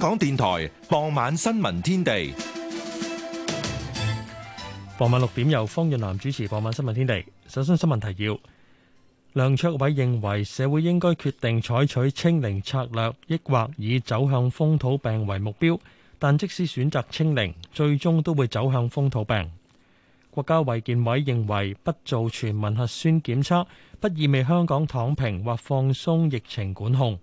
香港電台傍晚新聞天地，傍晚六點由方潤南主持。傍晚新聞天地，首先新聞提要：梁卓偉認為社會應該決定採取清零策略，抑或以走向風土病為目標。但即使選擇清零，最終都會走向風土病。國家衛健委認為，不做全民核酸檢測，不意味香港躺平或放鬆疫情管控。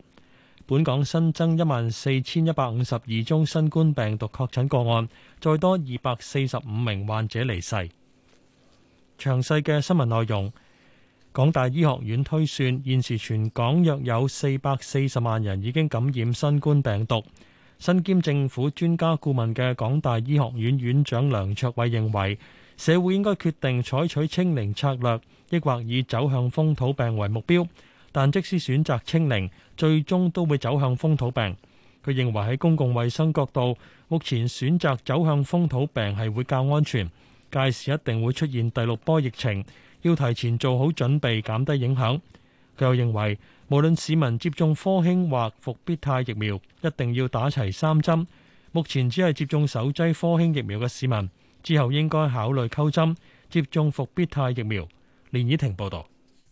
本港新增一萬四千一百五十二宗新冠病毒確診個案，再多二百四十五名患者離世。詳細嘅新聞內容，港大醫學院推算，現時全港約有四百四十萬人已經感染新冠病毒。身兼政府專家顧問嘅港大醫學院院長梁卓偉認為，社會應該決定採取清零策略，抑或以走向風土病為目標。但即使選擇清零，最終都會走向風土病。佢認為喺公共衛生角度，目前選擇走向風土病係會較安全。屆時一定會出現第六波疫情，要提前做好準備，減低影響。佢又認為，無論市民接種科興或復必泰疫苗，一定要打齊三針。目前只係接種首劑科興疫苗嘅市民，之後應該考慮溝針接種復必泰疫苗。連以婷報道。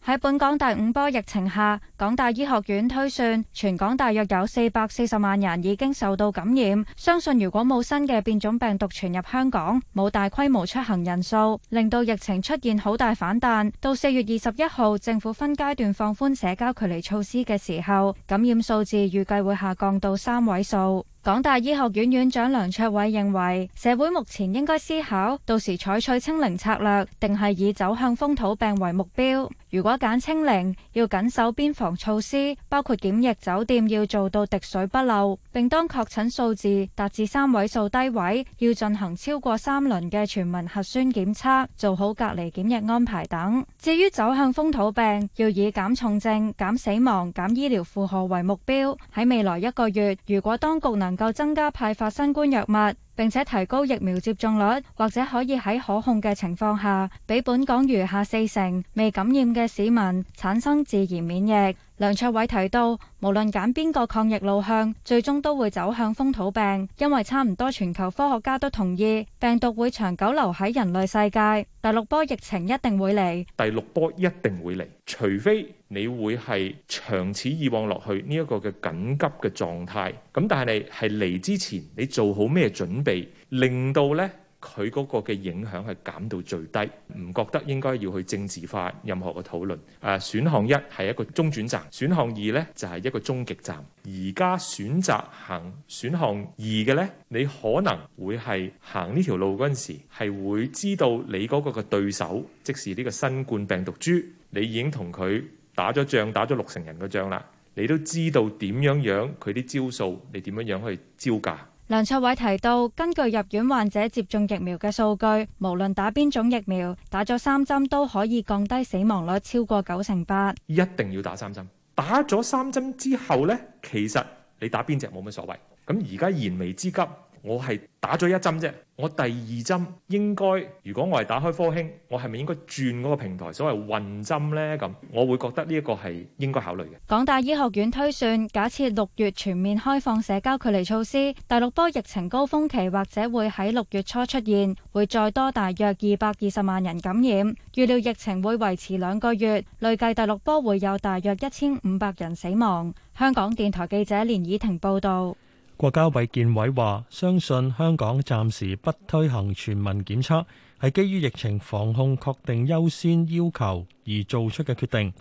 喺本港第五波疫情下，港大醫學院推算，全港大約有四百四十萬人已經受到感染。相信如果冇新嘅變種病毒傳入香港，冇大規模出行人數，令到疫情出現好大反彈。到四月二十一號，政府分階段放寬社交距離措施嘅時候，感染數字預計會下降到三位數。港大醫學院院長梁卓偉認為，社會目前應該思考到時採取清零策略，定係以走向風土病為目標。如果揀清零，要緊守邊防措施，包括檢疫酒店要做到滴水不漏，並當確診數字達至三位數低位，要進行超過三輪嘅全民核酸檢測，做好隔離檢疫安排等。至於走向風土病，要以減重症、減死亡、減醫療負荷為目標。喺未來一個月，如果當局能能夠增加派發新冠藥物，並且提高疫苗接種率，或者可以喺可控嘅情況下，俾本港餘下四成未感染嘅市民產生自然免疫。梁卓偉提到，無論揀邊個抗疫路向，最終都會走向風土病，因為差唔多全球科學家都同意，病毒會長久留喺人類世界。第六波疫情一定會嚟，第六波一定會嚟，除非……你會係長此以往落去呢一個嘅緊急嘅狀態咁，但係你係嚟之前，你做好咩準備，令到呢佢嗰個嘅影響係減到最低，唔覺得應該要去政治化任何嘅討論。誒、啊，選項一係一個中轉站，選項二呢就係一個終極站。而家選擇行選項二嘅呢，你可能會係行呢條路嗰陣時係會知道你嗰個嘅對手，即是呢個新冠病毒株，你已經同佢。打咗仗，打咗六成人嘅仗啦，你都知道點樣樣佢啲招數，你點樣樣去招架。梁卓偉提到，根據入院患者接種疫苗嘅數據，無論打邊種疫苗，打咗三針都可以降低死亡率超過九成八。一定要打三針，打咗三針之後呢，其實你打邊隻冇乜所謂。咁而家燃眉之急。我係打咗一針啫，我第二針應該，如果我係打開科興，我係咪應該轉嗰個平台，所謂混針呢？咁我會覺得呢一個係應該考慮嘅。港大醫學院推算，假設六月全面開放社交距離措施，第六波疫情高峰期或者會喺六月初出現，會再多大約二百二十萬人感染。預料疫情會維持兩個月，累計第六波會有大約一千五百人死亡。香港電台記者連以婷報導。國家衛健委話：相信香港暫時不推行全民檢測，係基於疫情防控確定優先要求而做出嘅決定。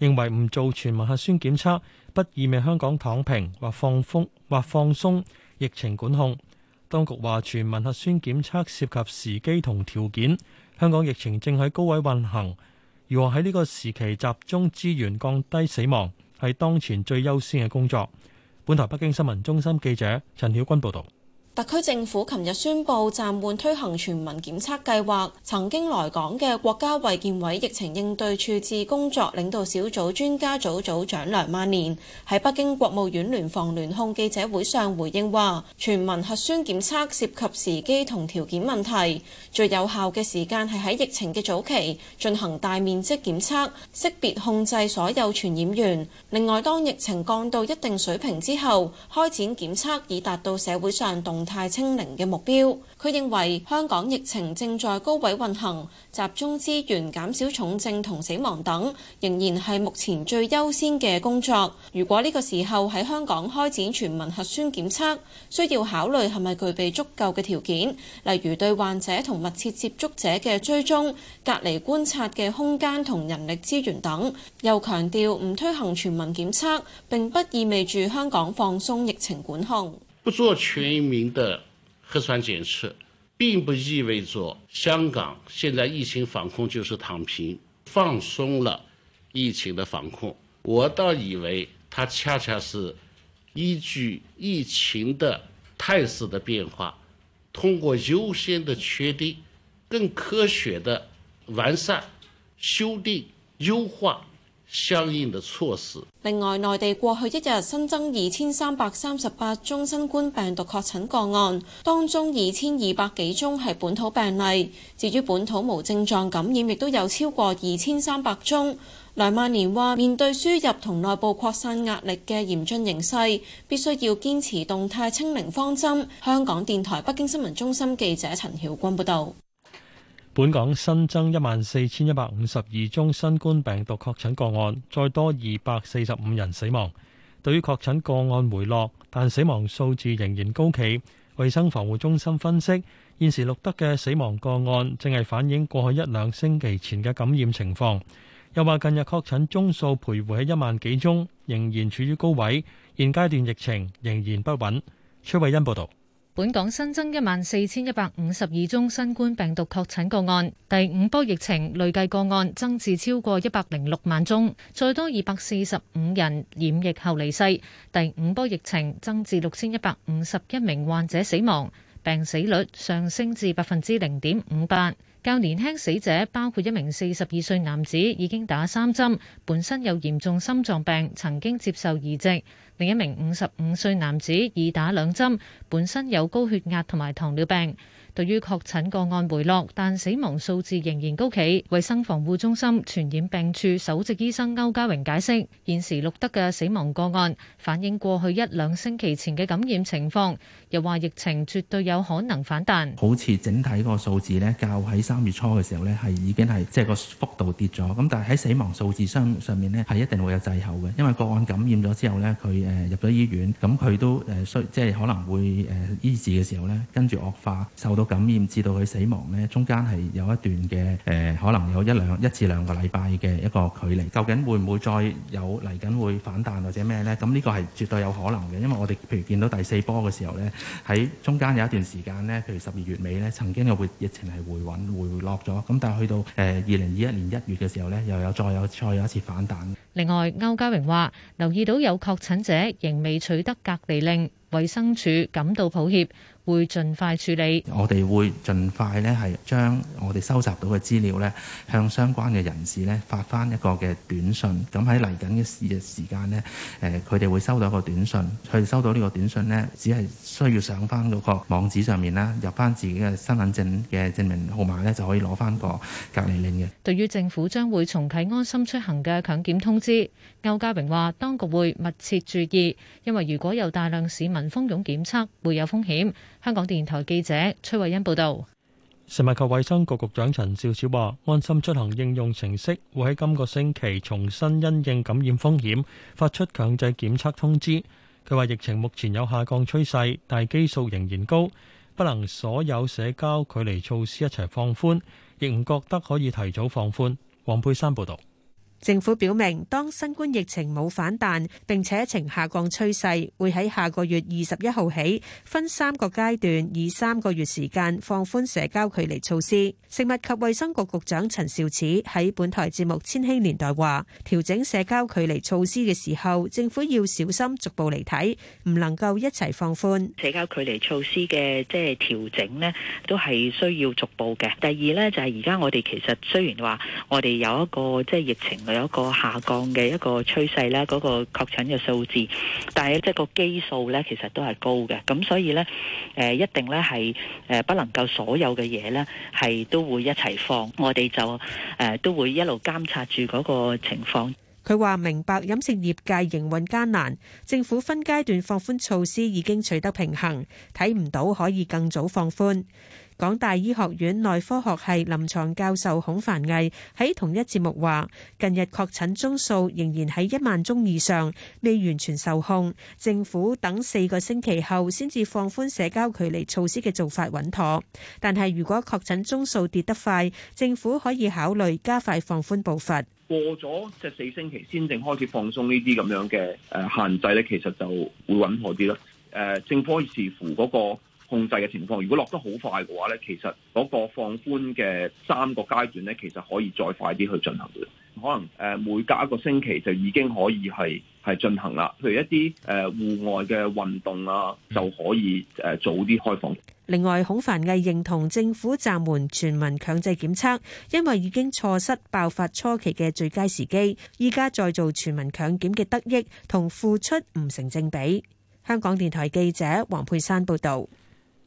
認為唔做全民核酸檢測，不意味香港躺平或放風或放鬆疫情管控。當局話：全民核酸檢測涉及時機同條件，香港疫情正喺高位運行，如話喺呢個時期集中資源降低死亡，係當前最優先嘅工作。本台北京新聞中心記者陳曉君報道。特區政府琴日宣布暫緩推行全民檢測計劃。曾經來港嘅國家衛健委疫情應對處置工作領導小組專家組組長梁萬年喺北京國務院聯防聯控記者會上回應話：全民核酸檢測涉及時機同條件問題，最有效嘅時間係喺疫情嘅早期進行大面積檢測，識別控制所有傳染源。另外，當疫情降到一定水平之後，開展檢測以達到社會上動。太清零嘅目標，佢認為香港疫情正在高位運行，集中資源減少重症同死亡等仍然係目前最優先嘅工作。如果呢個時候喺香港開展全民核酸檢測，需要考慮係咪具備足夠嘅條件，例如對患者同密切接觸者嘅追蹤隔離觀察嘅空間同人力資源等。又強調唔推行全民檢測並不意味住香港放鬆疫情管控。不做全民的核酸檢測，並不意味着香港現在疫情防控就是躺平、放鬆了疫情的防控。我倒以為它恰恰是依據疫情的態勢的變化，通過優先的確定、更科學的完善、修訂，優化。相應的措施。另外，內地過去一日新增二千三百三十八宗新冠病毒確診個案，當中二千二百幾宗係本土病例。至於本土無症狀感染，亦都有超過二千三百宗。梁萬年話：面對輸入同內部擴散壓力嘅嚴峻形勢，必須要堅持動態清零方針。香港電台北京新聞中心記者陳曉君報道。本港新增一萬四千一百五十二宗新冠病毒確診個案，再多二百四十五人死亡。對於確診個案回落，但死亡數字仍然高企，衛生防護中心分析，現時錄得嘅死亡個案正係反映過去一兩星期前嘅感染情況。又話近日確診宗數徘徊喺一萬幾宗，仍然處於高位，現階段疫情仍然不穩。崔慧欣報道。本港新增一萬四千一百五十二宗新冠病毒確診個案，第五波疫情累計個案增至超過一百零六萬宗，再多二百四十五人染疫後離世，第五波疫情增至六千一百五十一名患者死亡，病死率上升至百分之零點五八。較年輕死者包括一名四十二歲男子，已經打三針，本身有嚴重心臟病，曾經接受移植。另一名五十五歲男子已打兩針，本身有高血壓同埋糖尿病。對於確診個案回落，但死亡數字仍然高企，衛生防護中心傳染病處首席醫生歐家榮解釋，現時錄得嘅死亡個案，反映過去一兩星期前嘅感染情況。又話疫情絕對有可能反彈，好似整體個數字咧，較喺三月初嘅時候咧，係已經係即係個幅度跌咗。咁但係喺死亡數字上上面咧，係一定會有滯後嘅，因為個案感染咗之後咧，佢誒入咗醫院，咁佢都誒需即係可能會誒醫治嘅時候咧，跟住惡化，受到感染至到佢死亡咧，中間係有一段嘅誒，可能有一兩一至兩個禮拜嘅一個距離。究竟會唔會再有嚟緊會反彈或者咩咧？咁呢個係絕對有可能嘅，因為我哋譬如見到第四波嘅時候咧。喺中間有一段時間呢，譬如十二月尾咧，曾經嘅回疫情係回穩回落咗，咁但係去到誒二零二一年一月嘅時候呢，又有再有再有一次反彈。另外，歐家榮話留意到有確診者仍未取得隔離令。衛生署感到抱歉，會盡快處理。我哋會盡快咧，係將我哋收集到嘅資料咧，向相關嘅人士咧發翻一個嘅短信。咁喺嚟緊嘅時嘅時間咧，誒，佢哋會收到一個短信。佢哋收到呢個短信咧，只係需要上翻嗰個網址上面啦，入翻自己嘅身份證嘅證明號碼咧，就可以攞翻個隔離令嘅。對於政府將會重啟安心出行嘅強檢通知，歐家榮話當局會密切注意，因為如果有大量市民。群蜂擁檢測會有風險。香港電台記者崔慧欣報導。食物及衛生局局長陳肇始話：安心出行應用程式會喺今個星期重新因應感染風險，發出強制檢測通知。佢話疫情目前有下降趨勢，但係基數仍然高，不能所有社交距離措施一齊放寬，亦唔覺得可以提早放寬。黃佩珊報導。政府表明，當新冠疫情冇反彈並且呈下降趨勢，會喺下個月二十一號起分三個階段，以三個月時間放寬社交距離措施。食物及衛生局局長陳肇始喺本台節目《千禧年代》話：調整社交距離措施嘅時候，政府要小心逐步嚟睇，唔能夠一齊放寬社交距離措施嘅即係調整呢，都係需要逐步嘅。第二呢，就係而家我哋其實雖然話我哋有一個即係疫情。有一個下降嘅一個趨勢咧，嗰個確診嘅數字，但係即係個基數咧，其實都係高嘅，咁所以咧，誒一定咧係誒不能夠所有嘅嘢咧係都會一齊放，我哋就誒都會一路監察住嗰個情況。佢話：明白飲食業界營運艱難，政府分階段放寬措施已經取得平衡，睇唔到可以更早放寬。港大醫學院內科學系臨牀教授孔繁毅喺同一節目話：近日確診宗數仍然喺一萬宗以上，未完全受控。政府等四個星期後先至放寬社交距離措施嘅做法穩妥，但係如果確診宗數跌得快，政府可以考慮加快放寬步伐。過咗即係四星期，先正開始放鬆呢啲咁樣嘅誒限制咧，其實就會穩妥啲啦。誒、呃，政府視乎嗰、那個。控制嘅情況，如果落得好快嘅話咧，其實嗰個放寬嘅三個階段咧，其實可以再快啲去進行嘅。可能誒每隔一個星期就已經可以係係進行啦。譬如一啲誒戶外嘅運動啊，就可以誒早啲開放。另外，孔凡毅認同政府暫緩全民強制檢測，因為已經錯失爆發初期嘅最佳時機，依家再做全民強檢嘅得益同付出唔成正比。香港電台記者黃佩珊報道。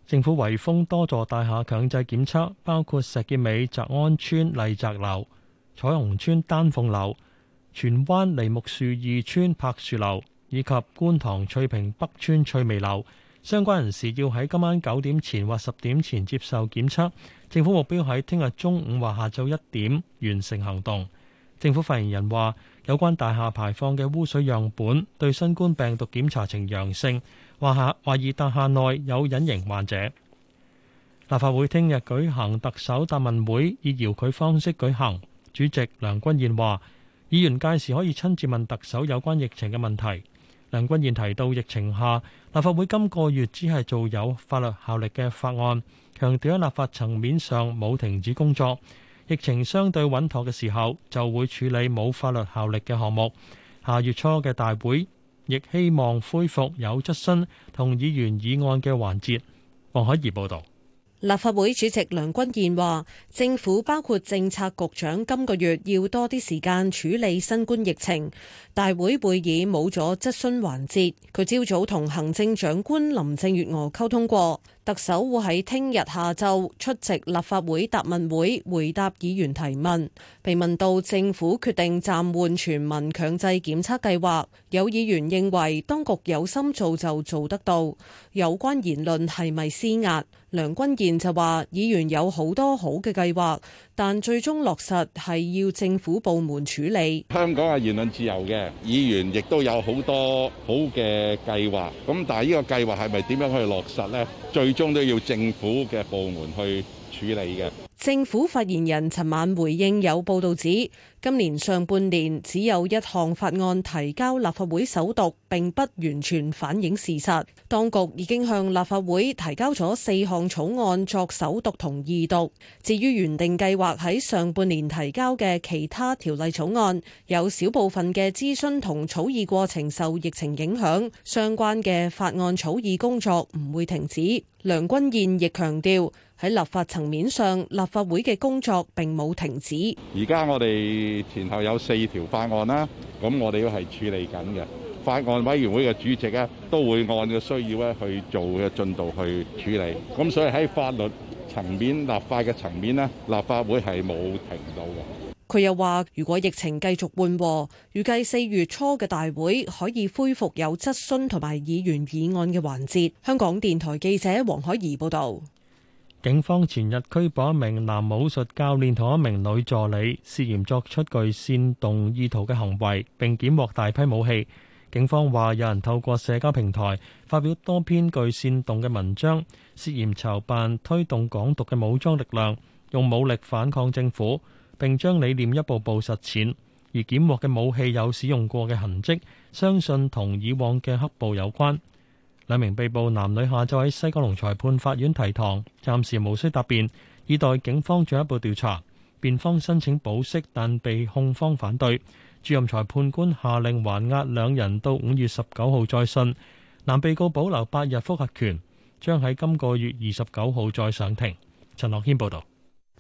政府圍封多座大廈強制檢測，包括石硤尾澤安邨、麗澤樓、彩虹邨丹鳳樓、荃灣梨木樹二邨柏樹樓以及觀塘翠屏北邨翠微樓。相關人士要喺今晚九點前或十點前接受檢測。政府目標喺聽日中午或下晝一點完成行動。政府發言人話：有關大廈排放嘅污水樣本對新冠病毒檢查呈陽性。話下懷疑特下內有隱形患者。立法會聽日舉行特首答問會，以遙距方式舉行。主席梁君彥話，議員屆時可以親自問特首有關疫情嘅問題。梁君彥提到，疫情下立法會今個月只係做有法律效力嘅法案，強調喺立法層面上冇停止工作。疫情相對穩妥嘅時候，就會處理冇法律效力嘅項目。下月初嘅大會，亦希望恢復有質詢同議員議案嘅環節。王海怡報導，立法會主席梁君彥話：政府包括政策局長今個月要多啲時間處理新冠疫情，大會會議冇咗質詢環節。佢朝早同行政長官林鄭月娥溝通過。特首會喺聽日下晝出席立法會答問會，回答議員提問。被問到政府決定暫緩全民強制檢測計劃，有議員認為當局有心做就做得到。有關言論係咪施壓？梁君彥就話：議員有好多好嘅計劃，但最終落實係要政府部門處理。香港係言論自由嘅，議員亦都有好多好嘅計劃。咁但係呢個計劃係咪點樣去落實呢？最始終都要政府嘅部門去處理嘅。政府發言人尋晚回應有報道指，今年上半年只有一項法案提交立法會首讀，並不完全反映事實。當局已經向立法會提交咗四項草案作首讀同二讀。至於原定計劃喺上半年提交嘅其他條例草案，有少部分嘅諮詢同草擬過程受疫情影響，相關嘅法案草擬工作唔會停止。梁君彥亦強調，喺立法層面上，立法會嘅工作並冇停止。而家我哋前後有四條法案啦，咁我哋都係處理緊嘅。法案委員會嘅主席咧，都會按照需要咧去做嘅進度去處理。咁所以喺法律層面立法嘅層面咧，立法會係冇停到嘅。佢又話：如果疫情繼續緩和，預計四月初嘅大會可以恢復有質詢同埋議員議案嘅環節。香港電台記者黃海怡報道。警方前日拘捕一名男武術教練同一名女助理，涉嫌作出具煽動意圖嘅行為，並檢獲大批武器。警方話有人透過社交平台發表多篇具煽動嘅文章，涉嫌籌辦推動港獨嘅武裝力量，用武力反抗政府，並將理念一步步實踐。而檢獲嘅武器有使用過嘅痕跡，相信同以往嘅黑暴有關。兩名被捕男女下晝喺西九龍裁判法院提堂，暫時無需答辯，以待警方進一步調查。辯方申請保釋，但被控方反對。主任裁判官下令還押兩人到五月十九號再訊。男被告保留八日複核權，將喺今個月二十九號再上庭。陳樂謙報道。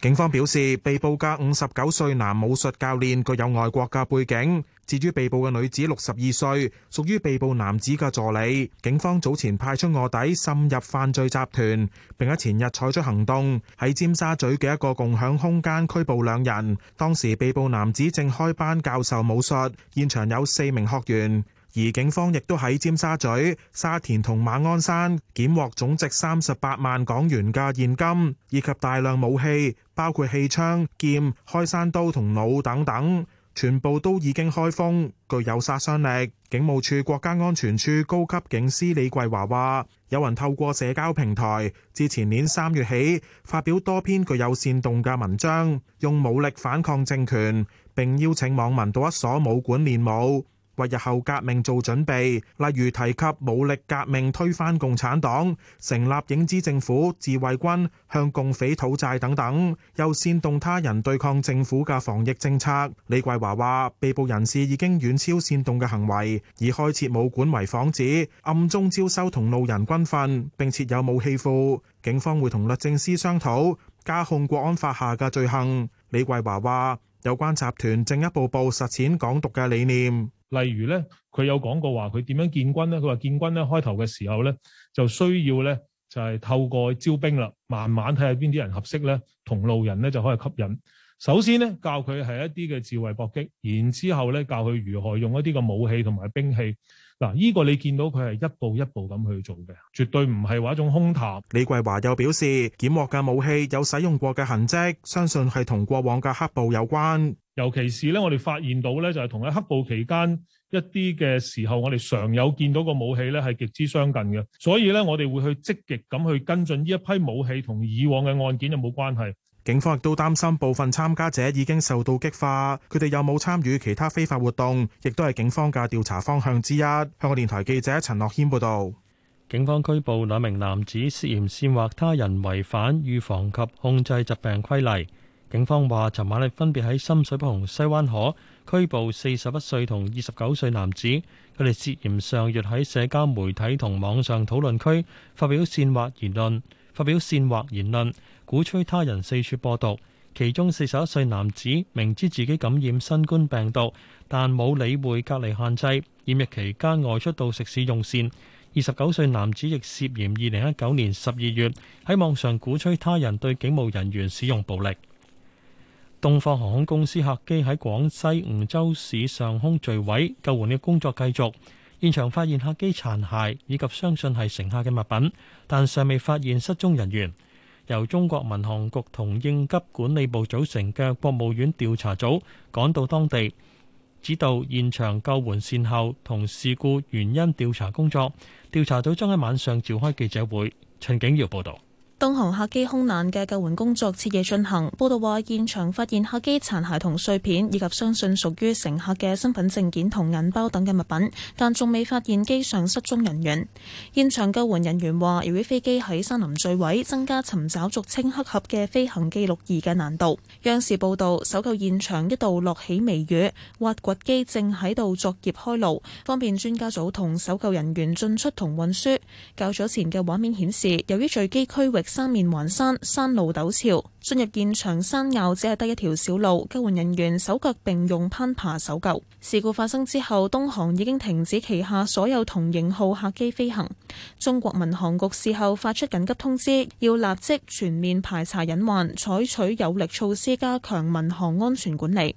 警方表示，被捕嘅五十九歲男武術教練具有外國嘅背景；至於被捕嘅女子六十二歲，屬於被捕男子嘅助理。警方早前派出臥底滲入犯罪集團，並喺前日採取行動，喺尖沙咀嘅一個共享空間拘捕兩人。當時被捕男子正開班教授武術，現場有四名學員。而警方亦都喺尖沙咀、沙田同馬鞍山檢獲總值三十八萬港元嘅現金，以及大量武器，包括氣槍、劍、開山刀同弩等等，全部都已經開封，具有殺傷力。警務處國家安全處高級警司李桂華話，有人透過社交平台自前年三月起發表多篇具有煽動嘅文章，用武力反抗政權，並邀請網民到一所武館練武。為日後革命做準備，例如提及武力革命推翻共產黨、成立影子政府、自衛軍向共匪討債等等，又煽動他人對抗政府嘅防疫政策。李桂華話，被捕人士已經遠超煽動嘅行為，以開設武館為幌子，暗中招收同路人軍訓，並設有武器庫。警方會同律政司商討加控國安法下嘅罪行。李桂華話，有關集團正一步步實踐港獨嘅理念。例如咧，佢有講過話佢點樣建軍咧？佢話建軍咧，開頭嘅時候咧，就需要咧就係透過招兵啦，慢慢睇下邊啲人合適咧，同路人咧就可以吸引。首先咧，教佢係一啲嘅智慧搏擊，然之後咧，教佢如何用一啲嘅武器同埋兵器。嗱，呢個你見到佢係一步一步咁去做嘅，絕對唔係話一種空談。李桂華又表示，檢獲嘅武器有使用過嘅痕跡，相信係同過往嘅黑暴有關。尤其是咧，我哋發現到咧，就係同喺黑暴期間一啲嘅時候，我哋常有見到嘅武器咧係極之相近嘅。所以咧，我哋會去積極咁去跟進呢一批武器同以往嘅案件有冇關係。警方亦都擔心部分參加者已經受到激化，佢哋有冇參與其他非法活動，亦都係警方嘅調查方向之一。香港電台記者陳樂軒報導，警方拘捕兩名男子涉嫌煽惑他人違反預防及控制疾病規例。警方話，尋晚分別喺深水埗同西灣河拘捕四十一歲同二十九歲男子，佢哋涉嫌上月喺社交媒體同網上討論區發表煽惑言論。發表煽惑言論。鼓吹他人四處播毒，其中四十一歲男子明知自己感染新冠病毒，但冇理會隔離限制，染疫期間外出到食肆用膳。二十九歲男子亦涉嫌二零一九年十二月喺網上鼓吹他人對警務人員使用暴力。東方航空公司客機喺廣西梧州市上空墜毀，救援嘅工作繼續，現場發現客機殘骸以及相信係乘客嘅物品，但尚未發現失蹤人員。由中國民航局同應急管理部組成嘅國務院調查組趕到當地，指導現場救援善後同事故原因調查工作。調查組將喺晚上召開記者會。陳景耀報道。東航客機空難嘅救援工作徹夜進行。報道話，現場發現客機殘骸同碎片，以及相信屬於乘客嘅身份證件同銀包等嘅物品，但仲未發現機上失蹤人員。現場救援人員話，由於飛機喺山林墜毀，增加尋找俗稱黑盒嘅飛行記錄儀嘅難度。央視報道，搜救現場一度落起微雨，挖掘機正喺度作業開路，方便專家組同搜救人員進出同運輸。較早前嘅畫面顯示，由於墜機區域，三面環山，山路陡峭，進入現場，山坳只係得一條小路，救援人員手腳並用攀爬搜救。事故發生之後，東航已經停止旗下所有同型號客機飛行。中國民航局事後發出緊急通知，要立即全面排查隱患，採取有力措施，加強民航安全管理。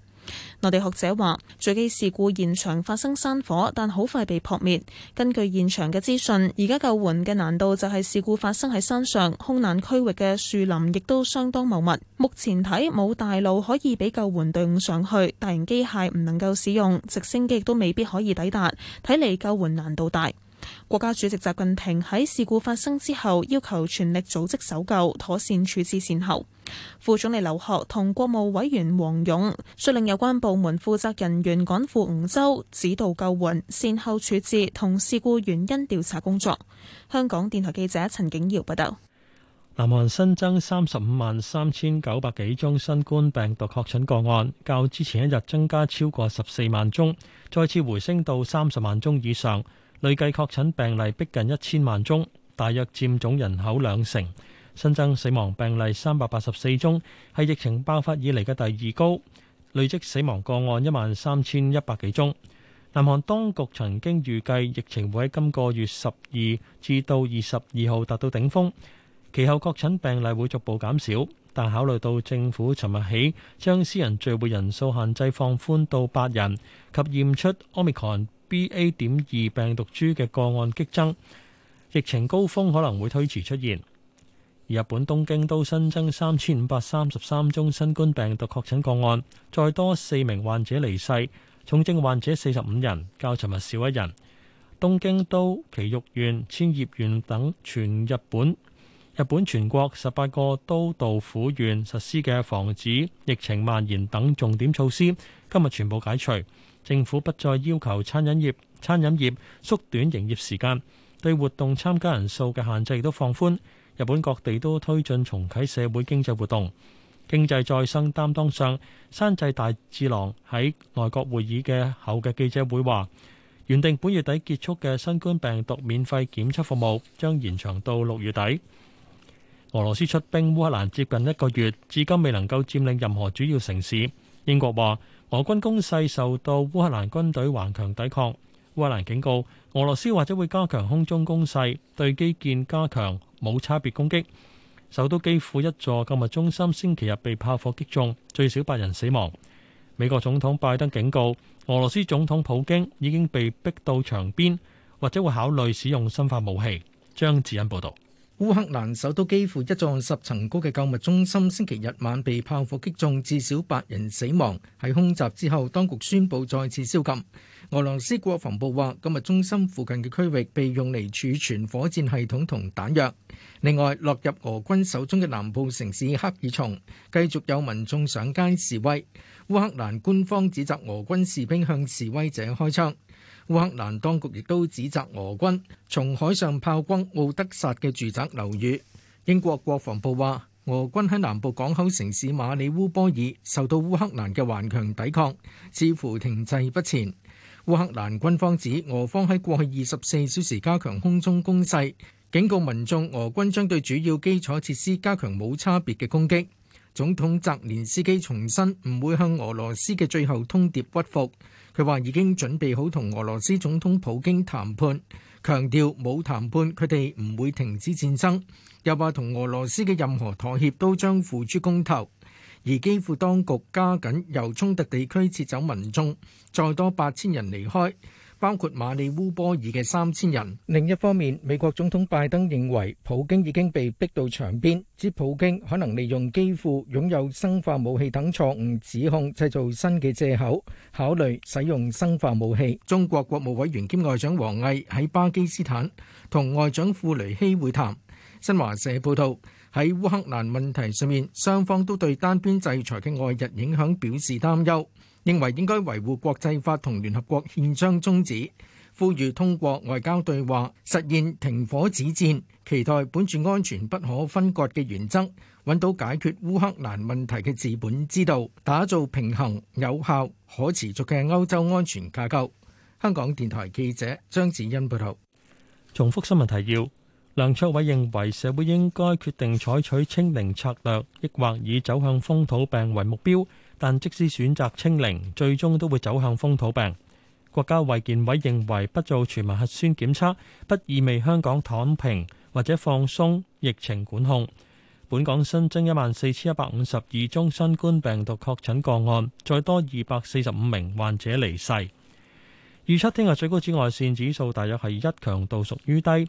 內地學者話：墜機事故現場發生山火，但好快被撲滅。根據現場嘅資訊，而家救援嘅難度就係事故發生喺山上，空難區域嘅樹林亦都相當茂密。目前睇冇大路可以俾救援隊伍上去，大型機械唔能夠使用，直升機都未必可以抵達。睇嚟救援難度大。國家主席習近平喺事故發生之後，要求全力組織搜救，妥善處置善後。副總理劉鶴同國務委員黃勇率領有關部門負責人員趕赴梧州，指導救援、善後處置同事故原因調查工作。香港電台記者陳景堯報道。南韓新增三十五萬三千九百幾宗新冠病毒確診個案，較之前一日增加超過十四萬宗，再次回升到三十萬宗以上，累計確診病例逼近一千萬宗，大約佔總人口兩成。新增死亡病例三百八十四宗，係疫情爆發以嚟嘅第二高，累積死亡個案一萬三千一百幾宗。南韓當局曾經預計疫情會喺今個月十二至到二十二號達到頂峰，其後確診病例會逐步減少。但考慮到政府尋日起將私人聚會人數限制放寬到八人及驗出 Omicron BA. 點二病毒株嘅個案激增，疫情高峰可能會推遲出現。日本東京都新增三千五百三十三宗新冠病毒確診個案，再多四名患者離世，重症患者四十五人，較尋日少一人。東京都、埼玉縣、千葉縣等全日本，日本全國十八個都道府縣實施嘅防止疫情蔓延等重點措施，今日全部解除。政府不再要求餐飲業餐飲業縮短營業時間，對活動參加人數嘅限制亦都放寬。日本各地都推進重啟社會經濟活動，經濟再生擔當相山際大志郎喺內閣會議嘅後嘅記者會話，原定本月底結束嘅新冠病毒免費檢測服務將延長到六月底。俄羅斯出兵烏克蘭接近一個月，至今未能夠佔領任何主要城市。英國話俄軍攻勢受到烏克蘭軍隊頑強抵抗。烏克蘭警告俄羅斯或者會加強空中攻勢，對基建加強。冇差別攻擊，首都基輔一座購物中心星期日被炮火擊中，最少八人死亡。美國總統拜登警告，俄羅斯總統普京已經被逼到牆邊，或者會考慮使用生化武器。張智恩報導，烏克蘭首都基輔一座十層高嘅購物中心星期日晚被炮火擊中，至少八人死亡。喺空襲之後，當局宣布再次宵禁。俄羅斯國防部話：今日中心附近嘅區域被用嚟儲存火箭系統同彈藥。另外，落入俄軍手中嘅南部城市赫爾松繼續有民眾上街示威。烏克蘭官方指責俄軍士兵向示威者開槍。烏克蘭當局亦都指責俄軍從海上炮轟敖德薩嘅住宅樓宇。英國國防部話：俄軍喺南部港口城市馬里烏波爾受到烏克蘭嘅頑強抵抗，似乎停滯不前。烏克蘭軍方指俄方喺過去二十四小時加強空中攻勢，警告民眾俄軍將對主要基礎設施加強無差別嘅攻擊。總統澤連斯基重申唔會向俄羅斯嘅最後通牒屈服，佢話已經準備好同俄羅斯總統普京談判，強調冇談判佢哋唔會停止戰爭，又話同俄羅斯嘅任何妥協都將付諸公投。而基輔當局加緊由衝突地區撤走民眾，再多八千人離開，包括馬里烏波爾嘅三千人。另一方面，美國總統拜登認為普京已經被逼到牆邊，指普京可能利用基輔擁有生化武器等錯誤指控，製造新嘅藉口，考慮使用生化武器。中國國務委員兼外長王毅喺巴基斯坦同外長庫雷希會談。新華社報道。喺烏克蘭問題上面，雙方都對單邊制裁嘅外溢影響表示擔憂，認為應該維護國際法同聯合國憲章宗旨，呼籲通過外交對話實現停火止戰，期待本著安全不可分割嘅原則，揾到解決烏克蘭問題嘅治本之道，打造平衡、有效、可持續嘅歐洲安全架構。香港電台記者張子欣報道。重複新聞提要。梁卓偉認為，社會應該決定採取清零策略，抑或以走向風土病為目標。但即使選擇清零，最終都會走向風土病。國家衛健委認為，不做全民核酸檢測，不意味香港躺平或者放鬆疫情管控。本港新增一萬四千一百五十二宗新冠病毒確診個案，再多二百四十五名患者離世。預測聽日最高紫外線指數大約係一，強度屬於低。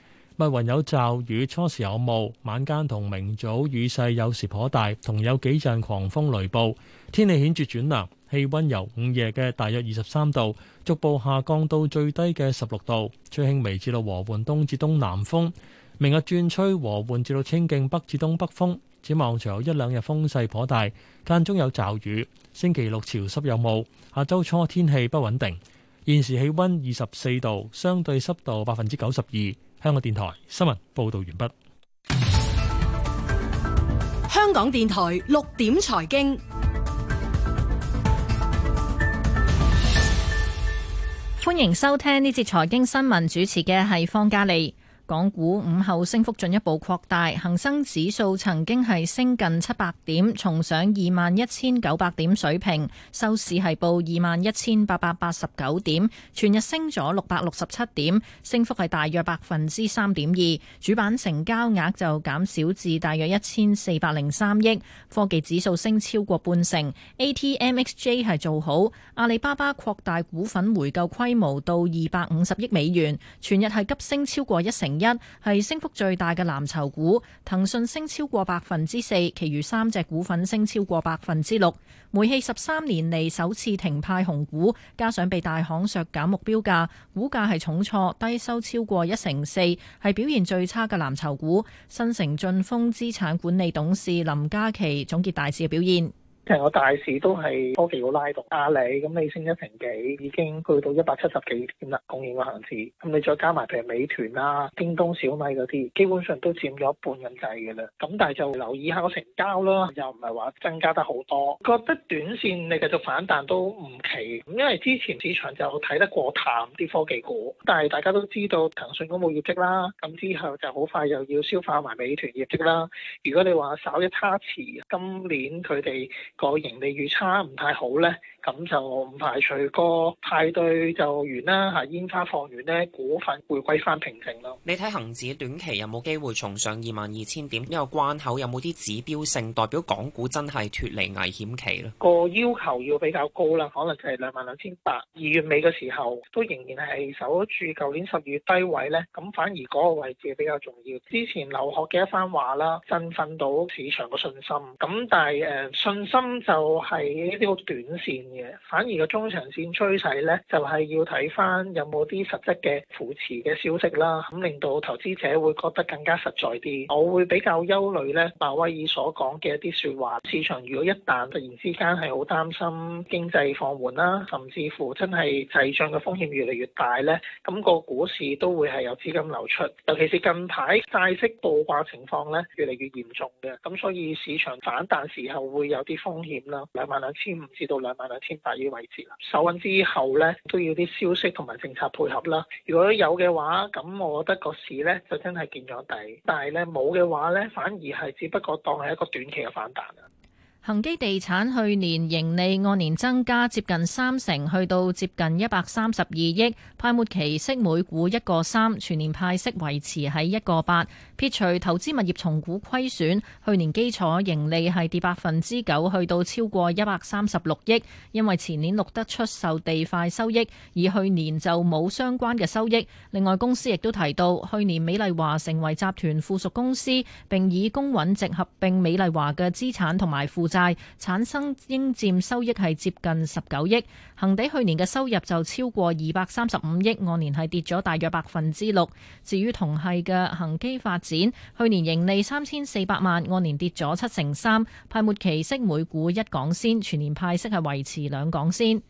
密雲有驟雨，初時有霧，晚間同明早雨勢有時頗大，同有幾陣狂風雷暴。天氣顯著轉涼，氣溫由午夜嘅大約二十三度逐步下降到最低嘅十六度。吹輕微至到和緩東至東南風，明日轉吹和緩至到清勁北至東北風。展望隨後一兩日風勢頗大，間中有驟雨。星期六潮濕有霧，下周初天氣不穩定。現時氣溫二十四度，相對濕度百分之九十二。香港電台新聞報道完畢。香港電台六點財經，歡迎收聽呢節財經新聞，主持嘅係方嘉利。港股午後升幅進一步擴大，恒生指數曾經係升近七百點，重上二萬一千九百點水平，收市係報二萬一千八百八十九點，全日升咗六百六十七點，升幅係大約百分之三點二。主板成交額就減少至大約一千四百零三億。科技指數升超過半成，ATMXJ 係做好。阿里巴巴擴大股份回購規模到二百五十億美元，全日係急升超過一成。一係升幅最大嘅藍籌股，騰訊升超過百分之四，其餘三隻股份升超過百分之六。煤氣十三年嚟，首次停派紅股，加上被大行削減目標價，股價係重挫，低收超過一成四，係表現最差嘅藍籌股。新城駿豐資產管理董事林嘉琪總結大市嘅表現。成個大市都係科技股拉動，阿里咁你升一成幾，已經去到一百七十幾點啦，供應個恆指。咁你再加埋譬如美團啦、啊、京東、小米嗰啲，基本上都佔咗一半咁滯嘅啦。咁但係就留意下個成交啦，又唔係話增加得好多。覺得短線你繼續反彈都唔奇，因為之前市場就睇得過淡啲科技股，但係大家都知道騰訊公佈業績啦，咁之後就好快又要消化埋美團業績啦。如果你話稍一差池，今年佢哋個盈利預測唔太好咧。咁就唔排除個派對就完啦，吓煙花放完呢，股份會歸翻平靜咯。你睇恒指短期有冇機會重上二萬二千點呢個關口？有冇啲指標性代表港股真係脱離危險期咧？個要求要比較高啦，可能就係兩萬兩千八。二月尾嘅時候都仍然係守住舊年十月低位咧，咁反而嗰個位置比較重要。之前劉學嘅一番話啦，振奮到市場個信心。咁但係誒、呃、信心就係一啲好短線。反而個中長線趨勢咧，就係要睇翻有冇啲實質嘅扶持嘅消息啦，咁令到投資者會覺得更加實在啲。我會比較憂慮咧，鮑威爾所講嘅一啲説話，市場如果一旦突然之間係好擔心經濟放緩啦，甚至乎真係滯脹嘅風險越嚟越大咧，咁個股市都會係有資金流出。尤其是近排債息暴掛情況咧，越嚟越嚴重嘅，咁所以市場反彈時候會有啲風險啦。兩萬兩千五至到兩萬兩。先發於位置啦，收穩之後咧都要啲消息同埋政策配合啦。如果有嘅話，咁我覺得個市咧就真係見咗底，但係咧冇嘅話咧，反而係只不過當係一個短期嘅反彈啊。恒基地產去年盈利按年增加接近三成，去到接近一百三十二億，派末期息每股一個三，全年派息維持喺一個八。撇除投資物業重估虧損，去年基礎盈利係跌百分之九，去到超過一百三十六億，因為前年錄得出售地塊收益，而去年就冇相關嘅收益。另外公司亦都提到，去年美麗華成為集團附屬公司，並以公允值合併美麗華嘅資產同埋附。債產生應佔收益係接近十九億，恒地去年嘅收入就超過二百三十五億，按年係跌咗大約百分之六。至於同係嘅恒基發展，去年盈利三千四百萬，按年跌咗七成三，派末期息每股一港仙，全年派息係維持兩港仙。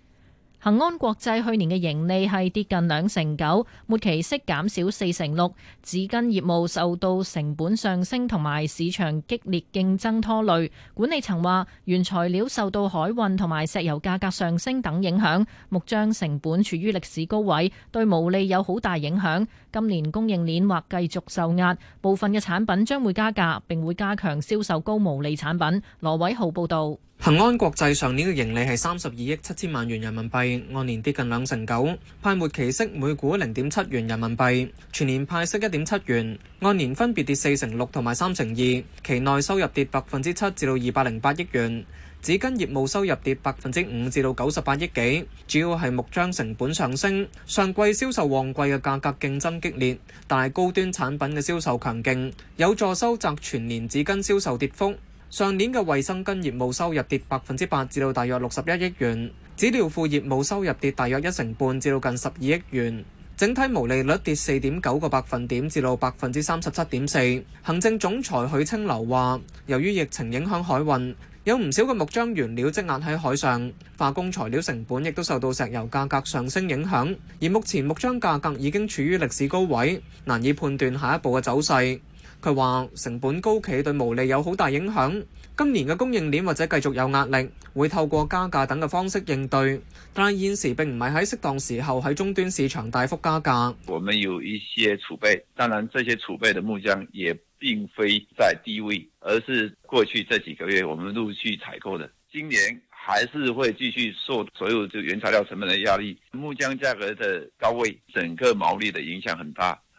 恒安國際去年嘅盈利係跌近兩成九，末期息減少四成六。紙巾業務受到成本上升同埋市場激烈競爭拖累。管理層話，原材料受到海運同埋石油價格上升等影響，木漿成本處於歷史高位，對毛利有好大影響。今年供應鏈或繼續受壓，部分嘅產品將會加價，並會加強銷售高毛利產品。羅偉浩報道。恒安國際上年嘅盈利係三十二億七千萬元人民幣，按年跌近兩成九，派末期息每股零點七元人民幣，全年派息一點七元，按年分別跌四成六同埋三成二。期內收入跌百分之七至到二百零八億元，紙巾業務收入跌百分之五至到九十八億幾，主要係木漿成本上升。上季銷售旺季嘅價格競爭激烈，但係高端產品嘅銷售強勁，有助收窄全年紙巾銷售跌幅。上年嘅衛生巾業務收入跌百分之八，至到大約六十一億元；紙尿褲業務收入跌大約一成半，至到近十二億元。整體毛利率跌四點九個百分點，至到百分之三十七點四。行政總裁許清流話：由於疫情影響海運，有唔少嘅木漿原料積壓喺海上，化工材料成本亦都受到石油價格上升影響，而目前木漿價格已經處於歷史高位，難以判斷下一步嘅走勢。佢話成本高企對毛利有好大影響，今年嘅供應鏈或者繼續有壓力，會透過加價等嘅方式應對。但係現時並唔係喺適當時候喺終端市場大幅加價。我們有一些儲備，當然這些儲備的木漿也並非在低位，而是過去這幾個月我們陸續採購的。今年還是會繼續受所有原材料成本嘅壓力，木漿價格的高位，整個毛利嘅影響很大。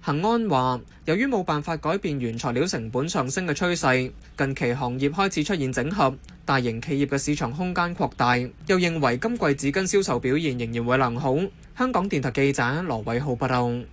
恒安話，由於冇辦法改變原材料成本上升嘅趨勢，近期行業開始出現整合，大型企業嘅市場空間擴大。又認為今季紙巾銷售表現仍然會良好。香港電台記者羅偉浩報道。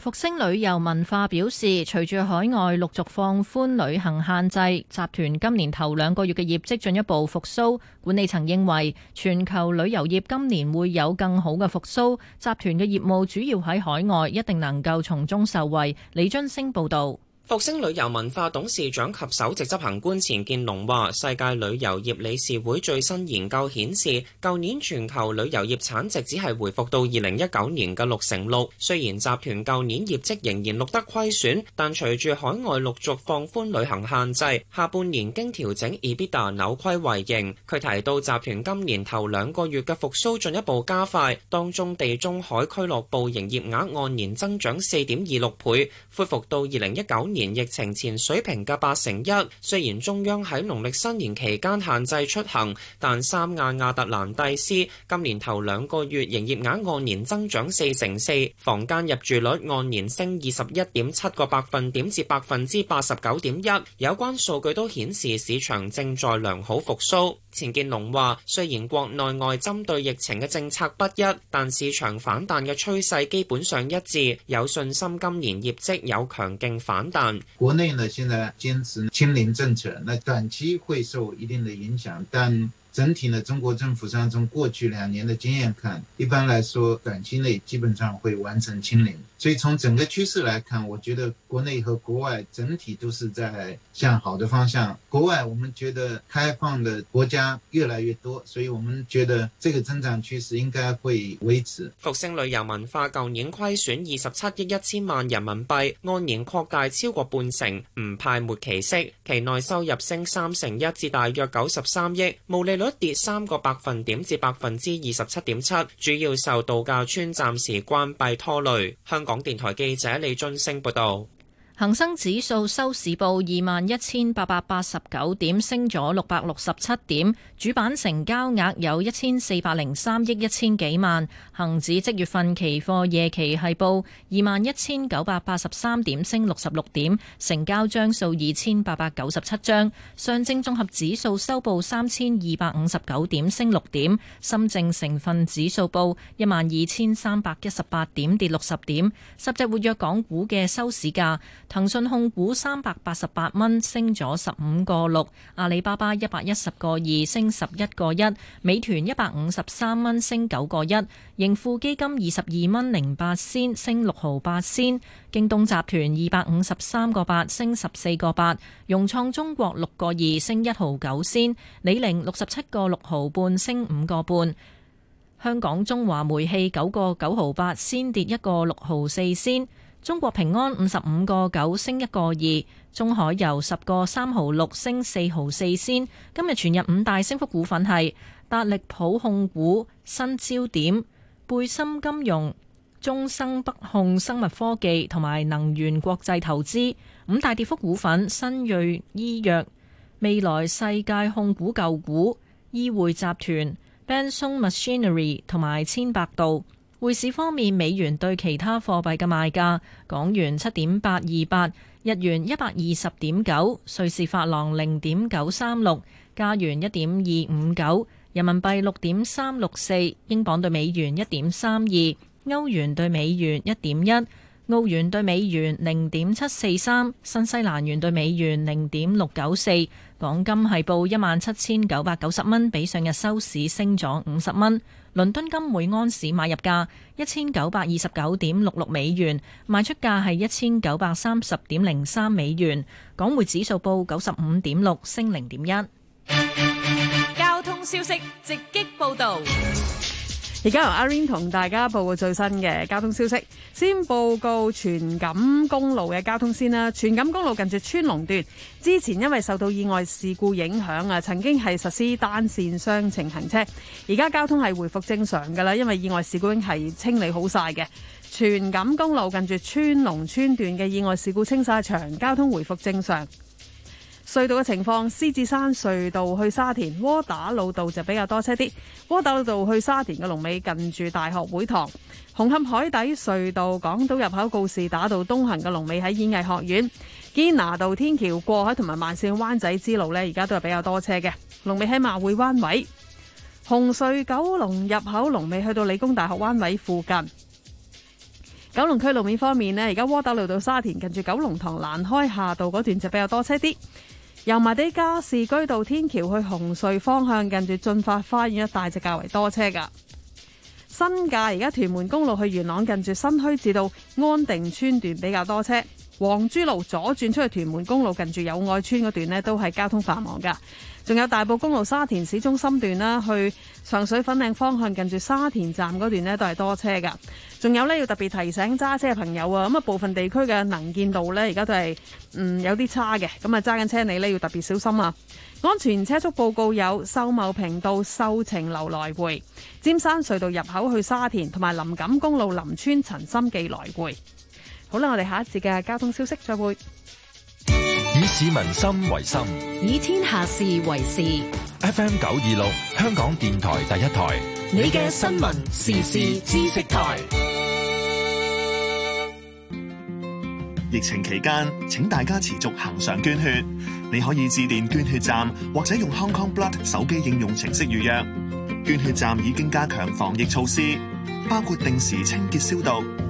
復星旅遊文化表示，隨住海外陸續放寬旅行限制，集團今年頭兩個月嘅業績進一步復蘇。管理層認為，全球旅遊業今年會有更好嘅復蘇，集團嘅業務主要喺海外，一定能夠從中受惠。李津升報道。復星旅遊文化董事長及首席執行官錢建龍話：世界旅遊業理事會最新研究顯示，舊年全球旅遊業產值只係恢復到二零一九年嘅六成六。雖然集團舊年業績仍然錄得虧損，但隨住海外陸續放寬旅行限制，下半年經調整 EBITA 扭虧為盈。佢提到集團今年頭兩個月嘅復蘇進一步加快，當中地中海俱樂部營業額按年增長四點二六倍，恢復到二零一九年年疫情前水平嘅八成一，雖然中央喺農曆新年期間限制出行，但三亞亞特蘭蒂斯今年頭兩個月營業額按年增長四成四，房間入住率按年升二十一點七個百分點至百分之八十九點一，有關數據都顯示市場正在良好復甦。錢建龍話：雖然國內外針對疫情嘅政策不一，但市場反彈嘅趨勢基本上一致，有信心今年業績有強勁反彈。國內呢，現在堅持清零政策,那短期會受一定的影響，但整體呢，中國政府上從過去兩年的經驗看，一般來說短期內基本上會完成清零。所以從整個趨勢來看，我覺得國內和國外整體都是在向好的方向。國外我們覺得開放的國家越來越多，所以我們覺得這個增長趨勢應該會維持。復星旅遊文化舊年虧損二十七億一千萬人民幣，按年擴大超過半成，唔派末期息，期內收入升三成一至大約九十三億，毛利率跌三個百分點至百分之二十七點七，主要受度假村暫時關閉拖累。香港港電台記者李俊升報道。恆生指數收市報二萬一千八百八十九點，升咗六百六十七點。主板成交額有一千四百零三億一千幾萬。恒指即月份期貨夜期係報二萬一千九百八十三點，升六十六點，成交張數二千八百九十七張。上證綜合指數收報三千二百五十九點，升六點。深證成分指數報一萬二千三百一十八點，跌六十點。十隻活躍港股嘅收市價。騰訊控股三百八十八蚊，8, 升咗十五個六；阿里巴巴一百一十個二，升十一個一；美團一百五十三蚊，升九個一；盈富基金二十二蚊零八仙，08, 升六毫八仙；京東集團二百五十三個八，升十四個八；融創中國六個二，升一毫九仙；李寧六十七個六毫半，升五個半；香港中華煤氣九個九毫八仙，跌一個六毫四仙。中國平安五十五個九，升一個二，中海油十個三毫六，升四毫四先。今日全日五大升幅股份係達力普控股、新焦點、貝森金融、中生北控生物科技同埋能源國際投資。五大跌幅股份：新銳醫藥、未來世界控股，舊股、舊股醫匯集團、Benson Machinery 同埋千百度。匯市方面，美元對其他貨幣嘅賣價：港元七點八二八，日元一百二十點九，瑞士法郎零點九三六，加元一點二五九，人民幣六點三六四，英鎊兌美元一點三二，歐元兌美元一點一，澳元兌美元零點七四三，新西蘭元兌美元零點六九四。港金係報一萬七千九百九十蚊，比上日收市升咗五十蚊。倫敦金每安士買入價一千九百二十九點六六美元，賣出價係一千九百三十點零三美元。港匯指數報九十五點六，升零點一。交通消息直擊報道。而家由阿 rain 同大家報告最新嘅交通消息。先報告全錦公路嘅交通先啦。全錦公路近住川龍段，之前因為受到意外事故影響啊，曾經係實施單線雙程行車。而家交通係回復正常噶啦，因為意外事故已經係清理好晒嘅。全錦公路近住川龍村段嘅意外事故清晒場，交通回復正常。隧道嘅情況，獅子山隧道去沙田，窩打老道就比較多車啲。窩打老道去沙田嘅龍尾近住大學會堂。紅磡海底隧道港島入口告士打道東行嘅龍尾喺演藝學院。堅拿道天橋過海同埋慢線灣仔之路呢，而家都係比較多車嘅。龍尾喺馬會灣位。紅隧九龍入口，龍尾去到理工大學灣位附近。九龍區路面方面呢，而家窩打老道沙田近住九龍塘蘭開夏道嗰段就比較多車啲。油麻地加士居道天橋去紅隧方向，近住駿發花園一帶就較為多車㗎。新界而家屯門公路去元朗，近住新墟至到安定村段比較多車。黃珠路左轉出去屯門公路近住友愛村嗰段咧，都係交通繁忙噶。仲有大埔公路沙田市中心段啦，去上水粉嶺方向近住沙田站嗰段咧，都係多車噶。仲有呢，要特別提醒揸車嘅朋友啊，咁啊部分地區嘅能見度呢，而家都係嗯有啲差嘅，咁啊揸緊車你呢，要特別小心啊。安全車速報告有秀茂坪道秀晴樓來回、尖山隧道入口去沙田，同埋林錦公路林村陳心記來回。好啦，我哋下一節嘅交通消息再會。以市民心為心，以天下事為事。F M 九二六，香港電台第一台。你嘅新聞時事知識台。疫情期間，請大家持續行善捐血。你可以致電捐血站，或者用 Hong Kong Blood 手機應用程式預約。捐血站已經加強防疫措施，包括定時清潔消毒。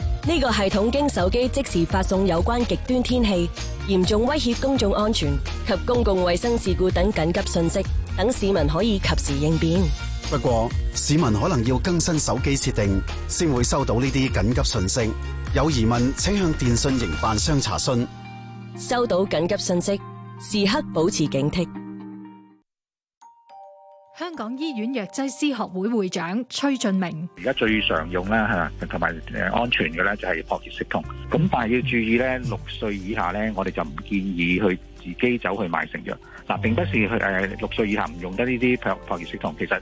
呢個系統經手機即時發送有關極端天氣、嚴重威脅公眾安全及公共衛生事故等緊急信息，等市民可以及時應變。不過，市民可能要更新手機設定，先會收到呢啲緊急訊息。有疑問，請向電信營辦商查詢。收到緊急信息，時刻保持警惕。香港醫院藥劑師學會會長崔俊明：而家最常用啦，吓，同埋安全嘅咧就係撲熱息痛。咁但係要注意咧，六歲以下咧，我哋就唔建議去自己走去買成藥。嗱，並不是去誒六歲以下唔用得呢啲撲撲熱息痛。其實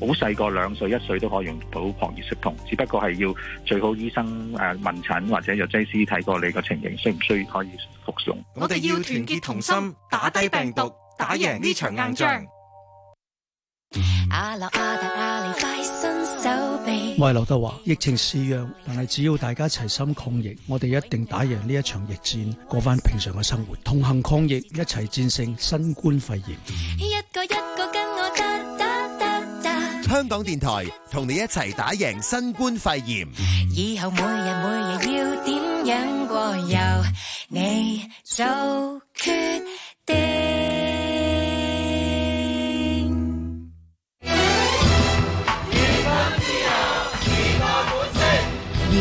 好細個兩歲、一歲都可以用到撲熱息痛，只不過係要最好醫生誒問診或者藥劑師睇過你個情形，需唔需要可以服用。我哋要團結同心，打低病毒，打贏呢場硬仗。阿阿阿我係劉德華，疫情肆虐，但係只要大家齊心抗疫，我哋一定打贏呢一場疫戰，過翻平常嘅生活。同行抗疫，一齊戰勝新冠肺炎。一個一個跟我得得得得。香港電台同你一齊打贏新冠肺炎。以後每日每日要點樣過，由你做決。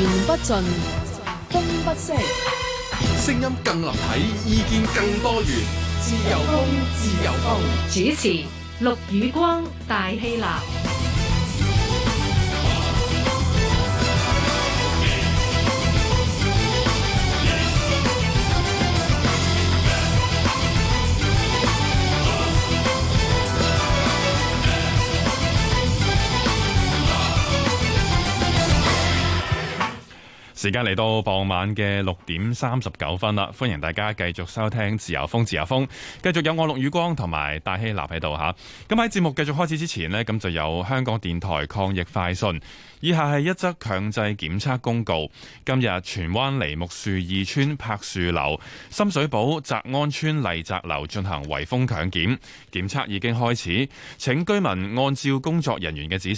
言不盡，風不息。聲音更立體，意見更多元，自由風，自由風。主持：陸雨光，大氣流。時間嚟到傍晚嘅六點三十九分啦，歡迎大家繼續收聽自由風，自由風，繼續有我陸宇光同埋戴希立喺度吓。咁喺節目繼續開始之前咧，咁、嗯、就有香港電台抗疫快訊。以下係一則強制檢測公告。今日荃灣梨木樹二村柏樹樓、深水埗澤安村麗澤樓進行圍封強檢，檢測已經開始，請居民按照工作人員嘅指示。